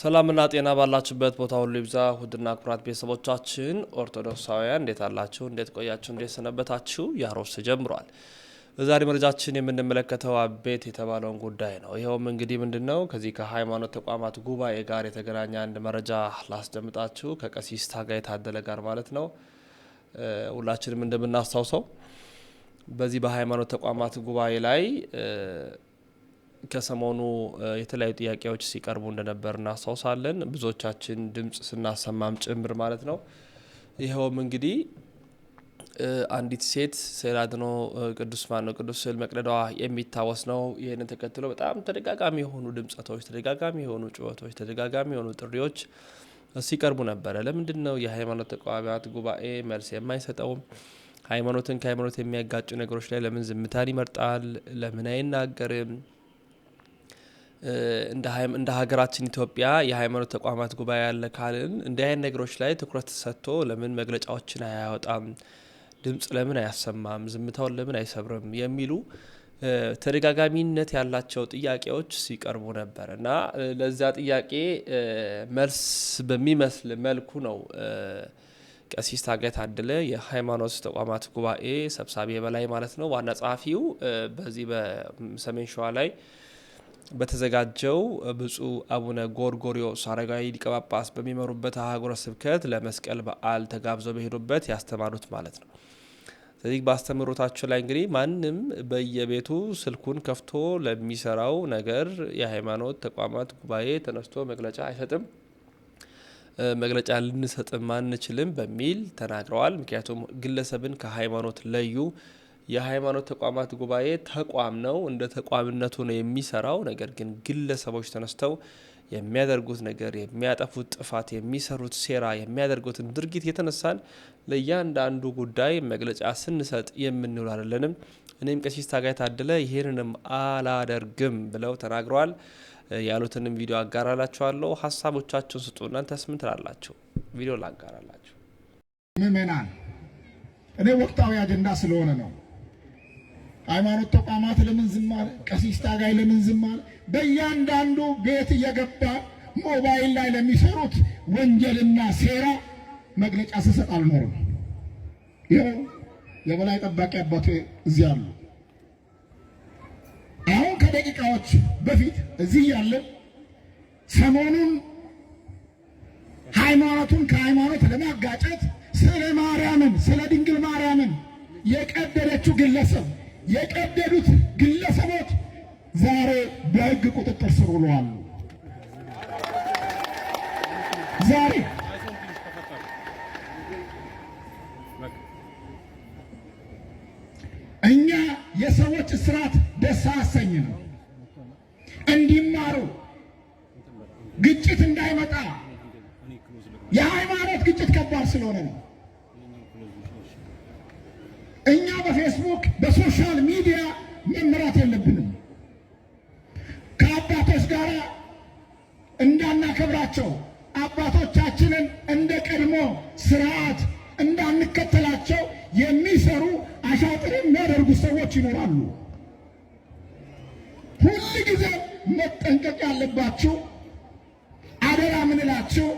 ሰላምና ጤና ባላችሁበት ቦታ ሁሉ ይብዛ። ውድና ኩራት ቤተሰቦቻችን ኦርቶዶክሳውያን እንዴት አላችሁ? እንዴት ቆያችሁ? እንዴት ሰነበታችሁ? ያሮስ ጀምሯል። በዛሬ መረጃችን የምንመለከተው አቤት የተባለውን ጉዳይ ነው። ይኸውም እንግዲህ ምንድን ነው ከዚህ ከሃይማኖት ተቋማት ጉባኤ ጋር የተገናኘ አንድ መረጃ ላስደምጣችሁ። ከቀሲስ ታጋይ ታደለ ጋር ማለት ነው። ሁላችንም እንደምናስታውሰው በዚህ በሃይማኖት ተቋማት ጉባኤ ላይ ከሰሞኑ የተለያዩ ጥያቄዎች ሲቀርቡ እንደነበር እናስታውሳለን። ብዙዎቻችን ድምፅ ስናሰማም ጭምር ማለት ነው። ይኸውም እንግዲህ አንዲት ሴት ስዕል አድኖ ቅዱስ ማን ነው ቅዱስ ስዕል መቅደዷ የሚታወስ ነው። ይህንን ተከትሎ በጣም ተደጋጋሚ የሆኑ ድምፀቶች፣ ተደጋጋሚ የሆኑ ጩኸቶች፣ ተደጋጋሚ የሆኑ ጥሪዎች ሲቀርቡ ነበረ። ለምንድን ነው የሃይማኖት ተቋማት ጉባኤ መልስ የማይሰጠውም? ሃይማኖትን ከሃይማኖት የሚያጋጩ ነገሮች ላይ ለምን ዝምታን ይመርጣል? ለምን አይናገርም? እንደ ሀገራችን ኢትዮጵያ የሃይማኖት ተቋማት ጉባኤ ያለ ካልን እንዲህ አይነት ነገሮች ላይ ትኩረት ሰጥቶ ለምን መግለጫዎችን አያወጣም፣ ድምፅ ለምን አያሰማም፣ ዝምታውን ለምን አይሰብርም የሚሉ ተደጋጋሚነት ያላቸው ጥያቄዎች ሲቀርቡ ነበር እና ለዚያ ጥያቄ መልስ በሚመስል መልኩ ነው ቀሲስ ታጋይ ታደለ የሃይማኖት ተቋማት ጉባኤ ሰብሳቢ በላይ ማለት ነው ዋና ጸሐፊው በዚህ በሰሜን ሸዋ ላይ በተዘጋጀው ብፁዕ አቡነ ጎርጎሪዮስ አረጋዊ ሊቀ ጳጳስ በሚመሩበት አህጉረ ስብከት ለመስቀል በዓል ተጋብዘው በሄዱበት ያስተማሩት ማለት ነው። ስለዚህ በአስተምሮታቸው ላይ እንግዲህ ማንም በየቤቱ ስልኩን ከፍቶ ለሚሰራው ነገር የሃይማኖት ተቋማት ጉባኤ ተነስቶ መግለጫ አይሰጥም፣ መግለጫ ልንሰጥም አንችልም በሚል ተናግረዋል። ምክንያቱም ግለሰብን ከሃይማኖት ለዩ የሃይማኖት ተቋማት ጉባኤ ተቋም ነው፣ እንደ ተቋምነቱ ነው የሚሰራው። ነገር ግን ግለሰቦች ተነስተው የሚያደርጉት ነገር፣ የሚያጠፉት ጥፋት፣ የሚሰሩት ሴራ፣ የሚያደርጉትን ድርጊት የተነሳን ለእያንዳንዱ ጉዳይ መግለጫ ስንሰጥ የምንውል አይደለንም። እኔም ቀሲስ ታጋይ ታደለ ይህንንም አላደርግም ብለው ተናግረዋል። ያሉትንም ቪዲዮ አጋራላችኋለሁ። ሀሳቦቻችሁን ስጡ። እናንተስ ምን ትላላችሁ? ቪዲዮ ላጋራላችሁ። ምእመናን፣ እኔ ወቅታዊ አጀንዳ ስለሆነ ነው ሃይማኖት ተቋማት ለምን ዝም አለ? ቀሲስ ታጋይ ለምን ዝም አለ? በእያንዳንዱ ቤት እየገባ ሞባይል ላይ ለሚሰሩት ወንጀልና ሴራ መግለጫ ስሰጥ አልኖርም። ይኸው የበላይ ጠባቂ አባቴ እዚህ አሉ። አሁን ከደቂቃዎች በፊት እዚህ ያለ ሰሞኑን ሃይማኖቱን ከሃይማኖት ለማጋጨት ስለ ማርያምን ስለ ድንግል ማርያምን የቀደረችው ግለሰብ የቀደዱት ግለሰቦች ዛሬ በህግ ቁጥጥር ስር ውለዋል። አባቶቻችንን እንደ ቀድሞ ስርዓት እንዳንከተላቸው የሚሰሩ አሻጥር የሚያደርጉ ሰዎች ይኖራሉ። ሁል ጊዜ መጠንቀቅ ያለባችሁ አደራ ምንላችሁ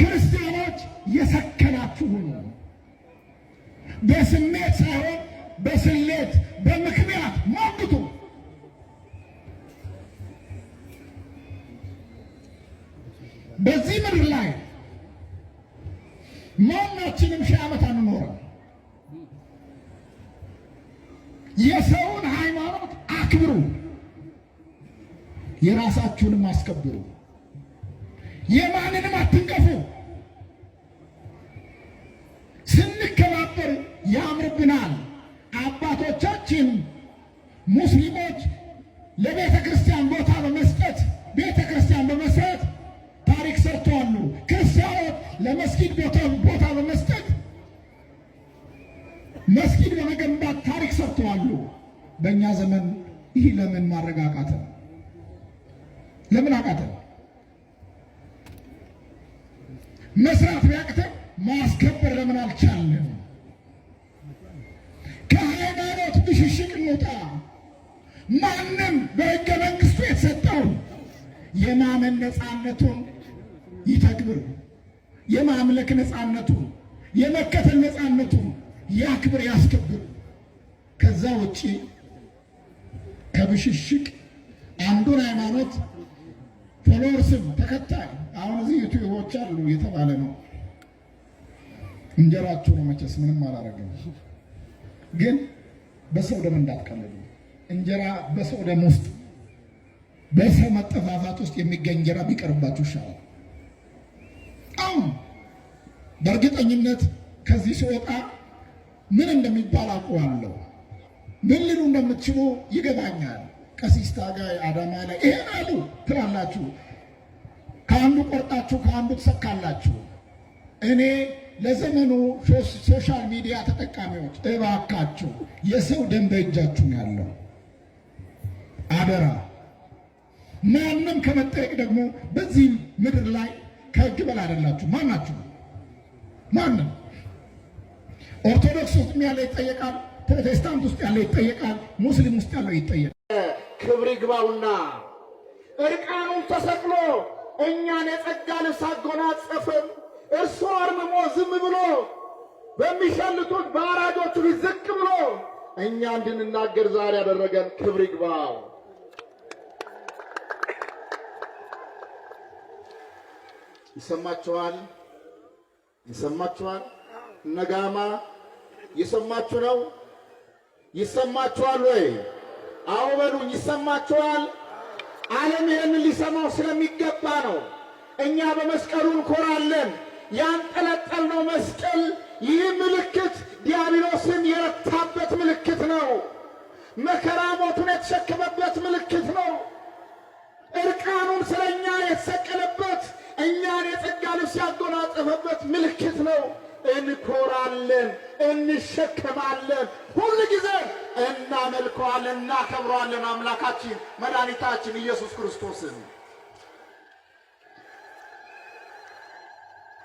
ክርስቲያኖች የሰከናችሁ ሁኑ። በስሜት ሳይሆን በስሌት በምክንያት ሞግቱ። በዚህ ምድር ላይ ማናችንም ሺህ ዓመት አንኖርም። የሰውን ሃይማኖት አክብሩ፣ የራሳችሁንም አስከብሩ። የማንንም አትንቀፉ። ስንከባበር ያምርብናል። አባቶቻችን ሙስሊሞች ለቤተ ክርስቲያን ቦታ በመስጠት ቤተ ለመስጊድ ቦታ በመስጠት መስጊድ በመገንባት ታሪክ ሰርተዋሉ። በእኛ ዘመን ይህ ለምን ማድረግ አቃተን? ለምን አቃተን? መስራት ቢያቅተን ማስከበር ለምን አልቻለን? ከሃይማኖት ብሽሽቅ እንውጣ። ማንም በህገ መንግስቱ የተሰጠው የማመን ነፃነቱን ይተግብር። የማምለክ ነፃነቱ የመከተል ነፃነቱ ያክብር፣ ያስከብር። ከዛ ውጪ ከብሽሽቅ አንዱን ሃይማኖት ፎሎወር ስም ተከታይ አሁን እዚህ ዩቲዩቦች አሉ የተባለ ነው። እንጀራችሁ ነው መቼስ ምንም አላረግም። ግን በሰው ደም እንዳትቀልሉ። እንጀራ በሰው ደም ውስጥ በሰው መጠፋፋት ውስጥ የሚገኝ እንጀራ ቢቀርባችሁ ይሻላል። በእርግጠኝነት ከዚህ ሲወጣ ምን እንደሚባል አውቀዋለሁ። ምን ሊሉ እንደምትችሉ ይገባኛል። ቀሲስ ታጋይ አዳማ ላይ ይሄን አሉ ትላላችሁ። ከአንዱ ቆርጣችሁ ከአንዱ ትሰካላችሁ። እኔ ለዘመኑ ሶሻል ሚዲያ ተጠቃሚዎች እባካችሁ የሰው ደም በእጃችሁ ያለው አደራ። ማንም ከመጠየቅ ደግሞ በዚህ ምድር ላይ ከሕግ በላይ አይደላችሁ ማናችሁ። ማንም ኦርቶዶክስ ውስጥ ያለ ይጠየቃል፣ ፕሮቴስታንት ውስጥ ያለ ይጠየቃል፣ ሙስሊም ውስጥ ያለው ይጠየቃል። ክብር ይግባውና እርቃኑን ተሰቅሎ እኛን የጸጋ ልብስ አጎናጸፈን። እርሱ አርምሞ ዝም ብሎ በሚሸልቱት በአራጆቹ ፊት ዝቅ ብሎ እኛ እንድንናገር ዛሬ ያደረገን ክብር ይግባው። ይሰማችኋል? ይሰማችኋል? ነጋማ የሰማችሁ ነው። ይሰማችኋል ወይ? አዎ በሉኝ። ይሰማችኋል? ዓለም ይህንን ሊሰማው ስለሚገባ ነው። እኛ በመስቀሉ እንኮራለን። ያንጠለጠልነው መስቀል ይህ ምልክት ዲያብሎስን የረታበት ምልክት ነው። መከራ ሞቱን የተሸከመበት ምልክት ነው። እርቃኑን ስለኛ የተሰ የተጎናጸፈበት ምልክት ነው። እንኮራለን፣ እንሸከማለን፣ ሁል ጊዜ እናመልከዋለን፣ እናከብረዋለን አምላካችን መድኃኒታችን ኢየሱስ ክርስቶስን።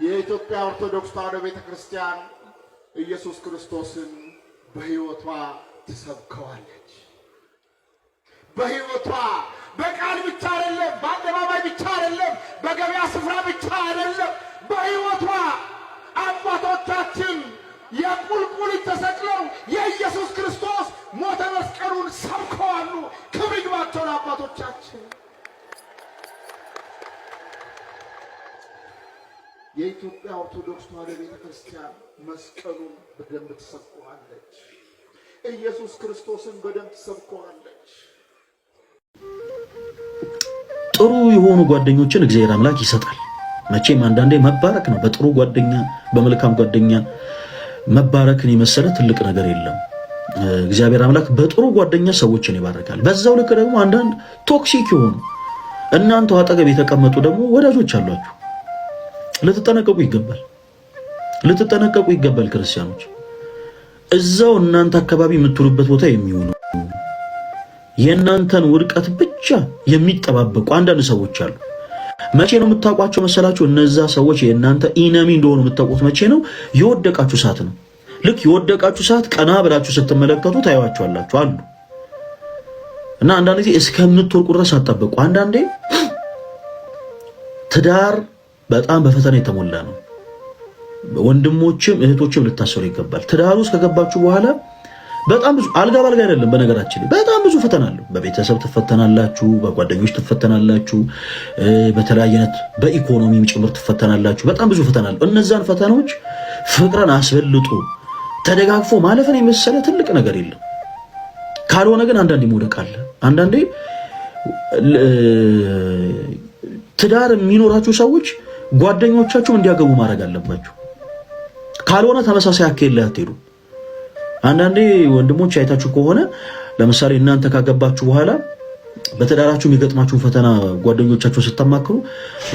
የኢትዮጵያ ኦርቶዶክስ ተዋሕዶ ቤተ ክርስቲያን ኢየሱስ ክርስቶስን በሕይወቷ ትሰብከዋለች። በሕይወቷ በቃል ብቻ አይደለም፣ በአደባባይ ብቻ አይደለም፣ በገበያ ስፍራ ብቻ አይደለም በሕይወቷ አባቶቻችን የቁልቁል ተሰቅለው የኢየሱስ ክርስቶስ ሞተ መስቀሉን ሰብከዋሉ። ክብር ይግባቸውን አባቶቻችን። የኢትዮጵያ ኦርቶዶክስ ተዋሕዶ ቤተ ክርስቲያን መስቀሉን በደንብ ትሰብከዋለች። ኢየሱስ ክርስቶስን በደንብ ትሰብከዋለች። ጥሩ የሆኑ ጓደኞችን እግዚአብሔር አምላክ ይሰጣል። መቼም አንዳንዴ መባረክ ነው። በጥሩ ጓደኛ፣ በመልካም ጓደኛ መባረክን የመሰለ ትልቅ ነገር የለም። እግዚአብሔር አምላክ በጥሩ ጓደኛ ሰዎችን ይባረካል በዛው ልክ ደግሞ አንዳንድ ቶክሲክ የሆኑ እናንተው አጠገብ የተቀመጡ ደግሞ ወዳጆች አሏችሁ። ልትጠነቀቁ ይገባል። ልትጠነቀቁ ይገባል ክርስቲያኖች። እዛው እናንተ አካባቢ የምትውሉበት ቦታ የሚሆነው የእናንተን ውድቀት ብቻ የሚጠባበቁ አንዳንድ ሰዎች አሉ። መቼ ነው የምታውቋቸው መሰላችሁ? እነዛ ሰዎች የእናንተ ኢነሚ እንደሆኑ የምታውቁት መቼ ነው? የወደቃችሁ ሰዓት ነው። ልክ የወደቃችሁ ሰዓት ቀና ብላችሁ ስትመለከቱ ታዩዋቸዋላችሁ አሉ እና አንዳንድ ጊዜ እስከምትወርቁ ድረስ አጠበቁ። አንዳንዴ ትዳር በጣም በፈተና የተሞላ ነው። ወንድሞችም እህቶችም ልታሰሩ ይገባል። ትዳር ውስጥ ከገባችሁ በኋላ በጣም ብዙ አልጋ ባልጋ አይደለም። በነገራችን በጣም ብዙ ፈተና አለው። በቤተሰብ ትፈተናላችሁ፣ በጓደኞች ትፈተናላችሁ፣ በተለያየ አይነት በኢኮኖሚም ጭምር ትፈተናላችሁ። በጣም ብዙ ፈተና አለው። እነዛን ፈተናዎች ፍቅርን አስበልጦ ተደጋግፎ ማለፍን የመሰለ ትልቅ ነገር የለም። ካልሆነ ግን አንዳንዴ መውደቅ አለ። አንዳንዴ ትዳር የሚኖራችሁ ሰዎች ጓደኞቻችሁም እንዲያገቡ ማድረግ አለባችሁ። ካልሆነ ተመሳሳይ አካሄድ ላይ አትሄዱም። አንዳንዴ ወንድሞች አይታችሁ ከሆነ ለምሳሌ እናንተ ካገባችሁ በኋላ በተዳራችሁ የሚገጥማችሁን ፈተና ጓደኞቻችሁን ስታማክሩ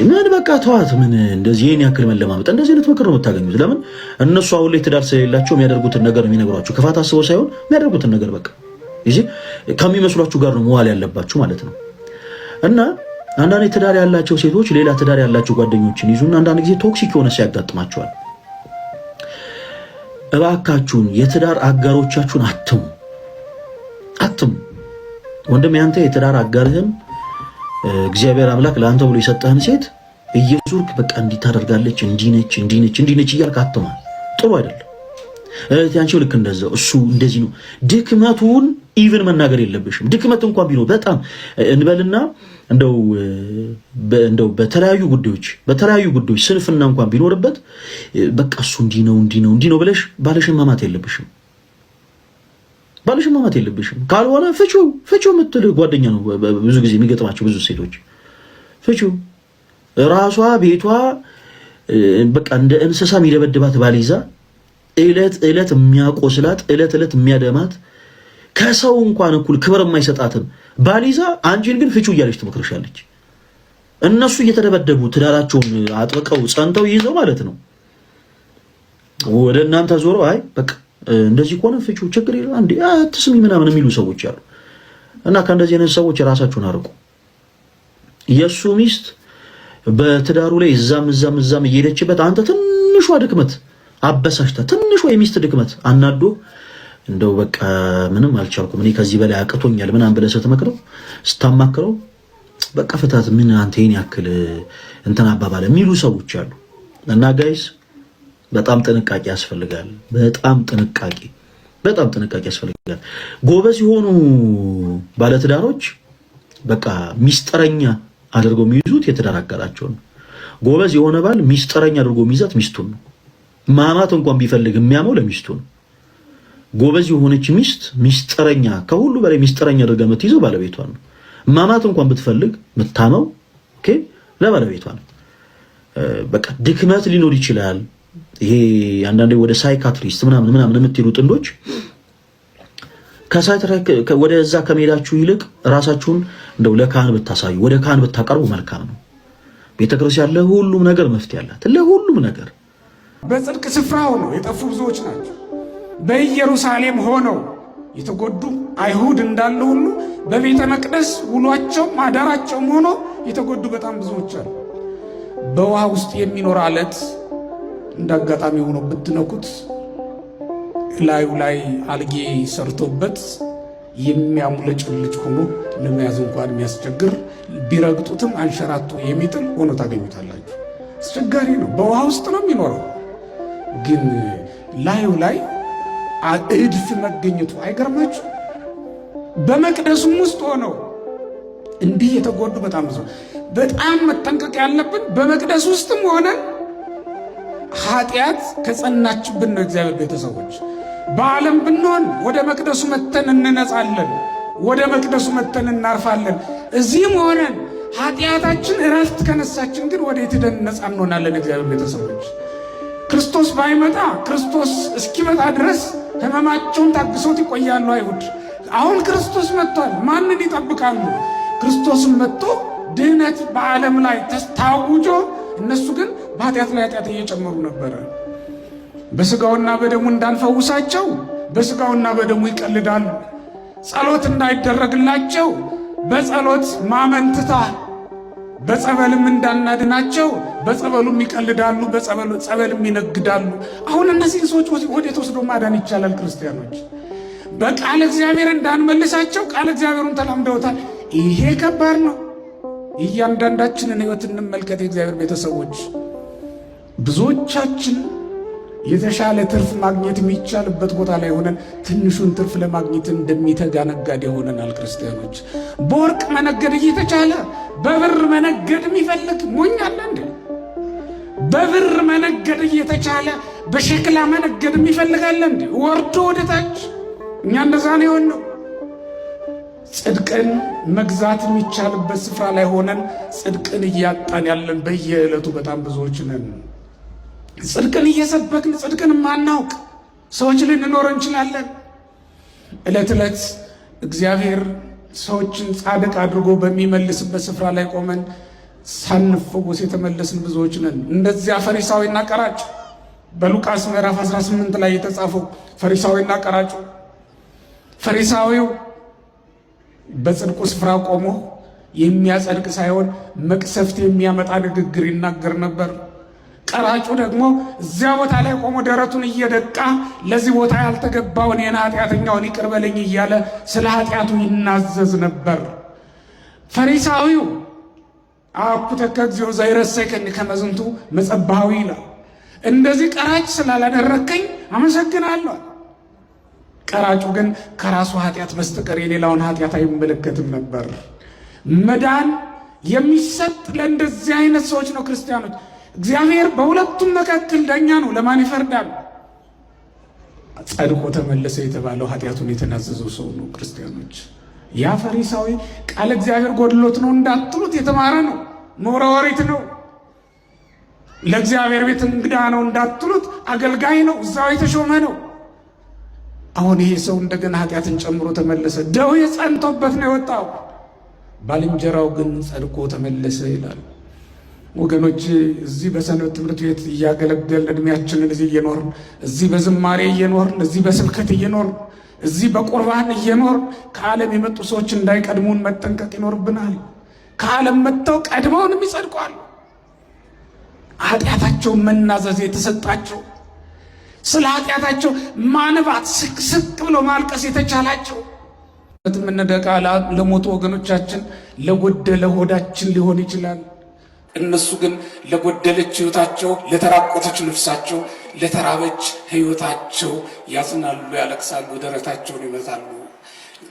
ምን በቃ ተዋት፣ ምን እንደዚህ ይህን ያክል መለማመጥ፣ እንደዚህ አይነት ምክር ነው የምታገኙት። ለምን እነሱ አሁን ላይ ትዳር ስለሌላቸው የሚያደርጉትን ነገር የሚነግሯችሁ ክፋት አስበው ሳይሆን የሚያደርጉትን ነገር በቃ ይህ ከሚመስሏችሁ ጋር ነው መዋል ያለባችሁ ማለት ነው። እና አንዳንድ ትዳር ያላቸው ሴቶች ሌላ ትዳር ያላቸው ጓደኞችን ይዙና አንዳንድ ጊዜ ቶክሲክ የሆነ ሰው ያጋጥማቸዋል። እባካችሁን የትዳር አጋሮቻችሁን አትሙ አትሙ። ወንድም ያንተ የትዳር አጋርህን እግዚአብሔር አምላክ ለአንተ ብሎ የሰጠህን ሴት እየዙርክ በቃ እንዲህ ታደርጋለች፣ እንዲነች፣ እንዲነች፣ እንዲነች እያልክ አትማ። ጥሩ አይደለም። እህት ልክ እንደዛው እሱ እንደዚህ ነው ድክመቱን ኢቨን መናገር የለብሽም። ድክመት እንኳን ቢኖር በጣም እንበልና እንደው እንደው በተለያዩ ጉዳዮች በተለያዩ ጉዳዮች ስንፍና እንኳን ቢኖርበት በቃ እሱ እንዲህ ነው እንዲህ ነው እንዲህ ነው ብለሽ ባለሽን ማማት የለብሽም። ባለሽን ማማት የለብሽም። ካልሆነ ፍቺው ፍቺው የምትል ጓደኛ ነው ብዙ ጊዜ የሚገጥማቸው ብዙ ሴቶች ፍቺው ራሷ ቤቷ በቃ እንደ እንስሳ የሚደበድባት ባል ይዛ እለት እለት የሚያቆስላት እለት እለት የሚያደማት ከሰው እንኳን እኩል ክብር የማይሰጣትን ባሊዛ አንቺን ግን ፍቹ እያለች ትመክርሻለች። እነሱ እየተደበደቡ ትዳራቸውን አጥብቀው ጸንተው ይዘው ማለት ነው ወደ እናንተ ዞሮ አይ በቃ እንደዚህ ከሆነ ፍቹ ችግር የለ አንዴ ምናምን የሚሉ ሰዎች አሉ። እና ከእንደዚህ አይነት ሰዎች ራሳችሁን አርቁ። የእሱ ሚስት በትዳሩ ላይ እዛም እዛም እዛም እየሄደችበት አንተ ትንሿ ድክመት አበሳሽታ ትንሿ የሚስት ድክመት አናዶ እንደው በቃ ምንም አልቻልኩም እኔ ከዚህ በላይ አቅቶኛል ምናምን ብለህ ስትመክረው ስታማክረው በቃ ፍታት ምን አንተ ይህን ያክል እንትን አባባለ የሚሉ ሰዎች አሉ። እና ጋይስ በጣም ጥንቃቄ ያስፈልጋል። በጣም ጥንቃቄ በጣም ጥንቃቄ ያስፈልጋል። ጎበዝ የሆኑ ባለትዳሮች በቃ ሚስጥረኛ አድርገው የሚይዙት የትዳር አጋራቸው ነው። ጎበዝ የሆነ ባል ሚስጥረኛ አድርጎ የሚይዛት ሚስቱን ነው። ማማት እንኳን ቢፈልግ የሚያመው ለሚስቱ ነው። ጎበዝ የሆነች ሚስት ሚስጥረኛ፣ ከሁሉ በላይ ሚስጥረኛ አድርጋ የምትይዘው ባለቤቷ ነው። ማማት እንኳን ብትፈልግ ምታመው ለባለቤቷ ነው። በቃ ድክመት ሊኖር ይችላል። ይሄ አንዳንዴ ወደ ሳይካትሪስት ምናምን ምናምን የምትሄዱ ጥንዶች ወደዛ ከመሄዳችሁ ይልቅ ራሳችሁን እንደው ለካህን ብታሳዩ ወደ ካህን ብታቀርቡ መልካም ነው። ቤተክርስቲያን ለሁሉም ነገር መፍትሄ አላት፣ ለሁሉም ነገር በጽድቅ ስፍራ ሆነው የጠፉ ብዙዎች ናቸው። በኢየሩሳሌም ሆነው የተጎዱ አይሁድ እንዳሉ ሁሉ በቤተ መቅደስ ውሏቸው ማዳራቸው ሆኖ የተጎዱ በጣም ብዙዎች አሉ። በውሃ ውስጥ የሚኖር አለት እንዳጋጣሚ ሆኖ ብትነኩት ላዩ ላይ አልጌ ሰርቶበት የሚያሙለጭልጭ ሆኖ ለመያዝ እንኳን የሚያስቸግር ቢረግጡትም አንሸራቶ የሚጥል ሆኖ ታገኙታላችሁ። አስቸጋሪ ነው። በውሃ ውስጥ ነው የሚኖረው ግን ላዩ ላይ እድፍ መገኘቱ አይገርማችሁ? በመቅደሱም ውስጥ ሆነው እንዲህ የተጎዱ በጣም ብዙ። በጣም መጠንቀቅ ያለብን በመቅደስ ውስጥም ሆነ ኃጢአት ከጸናችብን ነው። እግዚአብሔር ቤተሰቦች በዓለም ብንሆን ወደ መቅደሱ መተን እንነጻለን፣ ወደ መቅደሱ መተን እናርፋለን። እዚህም ሆነን ኃጢአታችን እረፍት ከነሳችን ግን ወደ የትደን ነጻ እንሆናለን። እግዚአብሔር ቤተሰቦች ክርስቶስ ባይመጣ ክርስቶስ እስኪመጣ ድረስ ህመማቸውን ታግሶት ይቆያሉ አይሁድ። አሁን ክርስቶስ መጥቷል። ማንን ይጠብቃሉ? ክርስቶስም መጥቶ ድህነት በዓለም ላይ ተስታውጆ እነሱ ግን በኃጢአት ላይ ኃጢአት እየጨመሩ ነበረ። በስጋውና በደሙ እንዳንፈውሳቸው በስጋውና በደሙ ይቀልዳሉ። ጸሎት እንዳይደረግላቸው በጸሎት ማመንትታ በጸበልም እንዳናድናቸው በጸበሉም ይቀልዳሉ፣ በጸበልም ይነግዳሉ። አሁን እነዚህን ሰዎች ወዴት ወስዶ ማዳን ይቻላል? ክርስቲያኖች በቃለ እግዚአብሔር እንዳንመልሳቸው ቃለ እግዚአብሔሩን ተላምደውታል። ይሄ ከባድ ነው። እያንዳንዳችንን ሕይወት እንመልከት። የእግዚአብሔር ቤተሰቦች ብዙዎቻችን የተሻለ ትርፍ ማግኘት የሚቻልበት ቦታ ላይ ሆነን ትንሹን ትርፍ ለማግኘት እንደሚተጋ ነጋዴ ሆነናል። ክርስቲያኖች በወርቅ መነገድ እየተቻለ በብር መነገድ የሚፈልግ ሞኝ አለ እንዴ? በብር መነገድ እየተቻለ በሸክላ መነገድ የሚፈልጋለ እንዴ? ወርዶ ወደ ታች እኛ እንደዛ ነው የሆነው። ጽድቅን መግዛት የሚቻልበት ስፍራ ላይ ሆነን ጽድቅን እያጣን ያለን በየዕለቱ በጣም ብዙዎች ነን። ጽድቅን እየሰበክን ጽድቅን ማናውቅ ሰዎች ልንኖር እንችላለን። ዕለት ዕለት እግዚአብሔር ሰዎችን ጻድቅ አድርጎ በሚመልስበት ስፍራ ላይ ቆመን ሳንፈወስ የተመለስን ብዙዎች ነን። እንደዚያ ፈሪሳዊና ቀራጭ በሉቃስ ምዕራፍ 18 ላይ የተጻፈው ፈሪሳዊና ቀራጩ። ፈሪሳዊው በጽድቁ ስፍራ ቆሞ የሚያጸድቅ ሳይሆን መቅሰፍት የሚያመጣ ንግግር ይናገር ነበር። ቀራጩ ደግሞ እዚያ ቦታ ላይ ቆሞ ደረቱን እየደቃ ለዚህ ቦታ ያልተገባውን የና ኃጢአተኛውን ይቅርበልኝ እያለ ስለ ኃጢአቱ ይናዘዝ ነበር። ፈሪሳዊው አኩተከ እግዚኦ ዘይረሰከኒ ከመዝንቱ መጸባዊ ይላል። እንደዚህ ቀራጭ ስላላደረከኝ አመሰግናለሁ። ቀራጩ ግን ከራሱ ኃጢአት በስተቀር የሌላውን ኃጢአት አይመለከትም ነበር። መዳን የሚሰጥ ለእንደዚህ አይነት ሰዎች ነው ክርስቲያኖች እግዚአብሔር በሁለቱም መካከል ዳኛ ነው። ለማን ይፈርዳል? ጸድቆ ተመለሰ የተባለው ኃጢአቱን የተናዘዘው ሰው ነው። ክርስቲያኖች፣ ያ ፈሪሳዊ ቃል እግዚአብሔር ጎድሎት ነው እንዳትሉት የተማረ ነው። ኖረ ወሪት ነው። ለእግዚአብሔር ቤት እንግዳ ነው እንዳትሉት አገልጋይ ነው። እዛው የተሾመ ነው። አሁን ይሄ ሰው እንደገና ኃጢአትን ጨምሮ ተመለሰ። ደዌ ጸንቶበት ነው የወጣው። ባልንጀራው ግን ጸድቆ ተመለሰ ይላል። ወገኖች እዚህ በሰንበት ትምህርት ቤት እያገለገልን እድሜያችንን እዚህ እየኖርን እዚህ በዝማሬ እየኖርን እዚህ በስብከት እየኖርን እዚህ በቁርባን እየኖርን ከዓለም የመጡ ሰዎች እንዳይቀድሙን መጠንቀቅ ይኖርብናል። ከዓለም መጥተው ቀድመውንም ይጸድቋል። ኃጢአታቸው መናዘዝ የተሰጣቸው ስለ ኃጢአታቸው ማንባት ስቅስቅ ብሎ ማልቀስ የተቻላቸው ምነደቃ ለሞቱ ወገኖቻችን ለጎደለ ሆዳችን ሊሆን ይችላል። እነሱ ግን ለጎደለች ህይወታቸው ለተራቆተች ነፍሳቸው፣ ለተራበች ህይወታቸው ያዝናሉ፣ ያለቅሳሉ፣ ደረታቸውን ይመታሉ።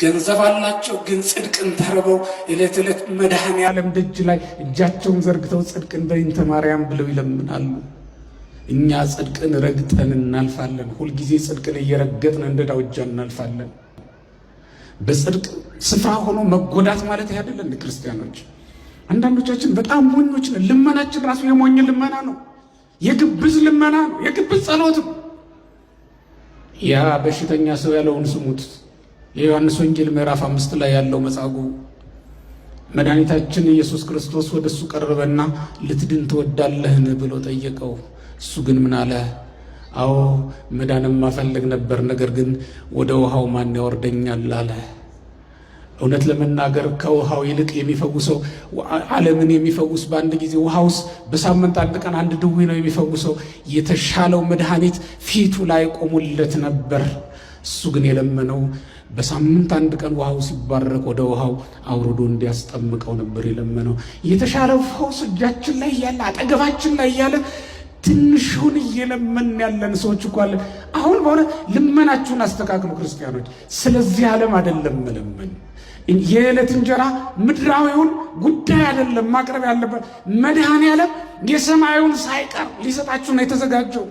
ገንዘብ አላቸው፣ ግን ጽድቅን ተርበው እለት ዕለት መድኃኔ ዓለም ደጅ ላይ እጃቸውን ዘርግተው ጽድቅን በይንተ ማርያም ብለው ይለምናሉ። እኛ ጽድቅን ረግጠን እናልፋለን። ሁልጊዜ ጽድቅን እየረገጥን እንደ ዳውጃ እናልፋለን። በጽድቅ ስፍራ ሆኖ መጎዳት ማለት ያደለን ክርስቲያኖች አንዳንዶቻችን በጣም ሞኞች ነን። ልመናችን ራሱ የሞኝ ልመና ነው፣ የግብዝ ልመና ነው፣ የግብዝ ጸሎት ነው። ያ በሽተኛ ሰው ያለውን ስሙት። የዮሐንስ ወንጌል ምዕራፍ አምስት ላይ ያለው መጻጉዕ መድኃኒታችን ኢየሱስ ክርስቶስ ወደ እሱ ቀረበና ልትድን ትወዳለህን ብሎ ጠየቀው። እሱ ግን ምን አለ? አዎ መዳንም ማፈልግ ነበር፣ ነገር ግን ወደ ውሃው ማን ያወርደኛል አለ። እውነት ለመናገር ከውሃው ይልቅ የሚፈውሰው ዓለምን የሚፈውስ በአንድ ጊዜ ውሃውስ በሳምንት አንድ ቀን አንድ ድዌ ነው የሚፈውሰው። የተሻለው መድኃኒት ፊቱ ላይ ቆሙለት ነበር። እሱ ግን የለመነው በሳምንት አንድ ቀን ውሃው ሲባረክ ወደ ውሃው አውርዶ እንዲያስጠምቀው ነበር የለመነው። የተሻለው ፈውስ እጃችን ላይ እያለ አጠገባችን ላይ እያለ ትንሹን እየለመን ያለን ሰዎች እኮ አለ። አሁን በሆነ ልመናችሁን አስተካክሉ ክርስቲያኖች። ስለዚህ ዓለም አይደለም መለመን። የዕለት እንጀራ ምድራዊውን ጉዳይ አይደለም ማቅረብ ያለበት። መድኃኔ ዓለም የሰማዩን ሳይቀር ሊሰጣችሁ ነው የተዘጋጀው።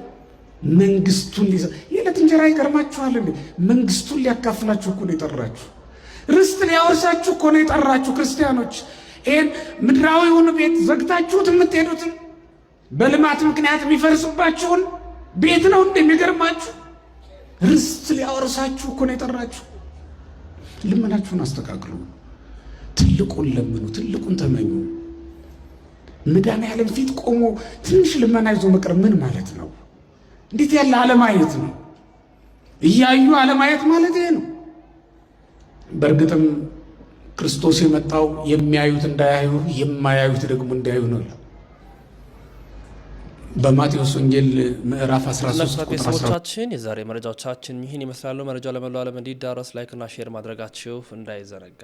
መንግስቱን ሊሰ የዕለት እንጀራ ይቀርማችኋል እንዴ? መንግስቱን ሊያካፍላችሁ እኮ ነው የጠራችሁ። ርስት ሊያወርሳችሁ እኮ ነው የጠራችሁ ክርስቲያኖች። ይህን ምድራዊውን ቤት ዘግታችሁት የምትሄዱትን በልማት ምክንያት የሚፈርስባችሁን ቤት ነው እንደሚገርማችሁ ርስት ሊያወርሳችሁ እኮ ነው የጠራችሁ። ልመናችሁን አስተካክሉ። ትልቁን ለምኑ፣ ትልቁን ተመኙ። መድኃኔዓለም ፊት ቆሞ ትንሽ ልመና ይዞ መቅረብ ምን ማለት ነው? እንዴት ያለ አለማየት ነው! እያዩ አለማየት ማለት ይሄ ነው። በእርግጥም ክርስቶስ የመጣው የሚያዩት እንዳያዩ፣ የማያዩት ደግሞ እንዳያዩ ነው። በማቴዎስ ወንጌል ምዕራፍ 13 ቤተሰቦቻችን የዛሬ መረጃዎቻችን ይህን ይመስላሉ። መረጃው ለመላው ዓለም እንዲዳረስ ላይክና ሼር ማድረጋችሁ እንዳይዘነጋ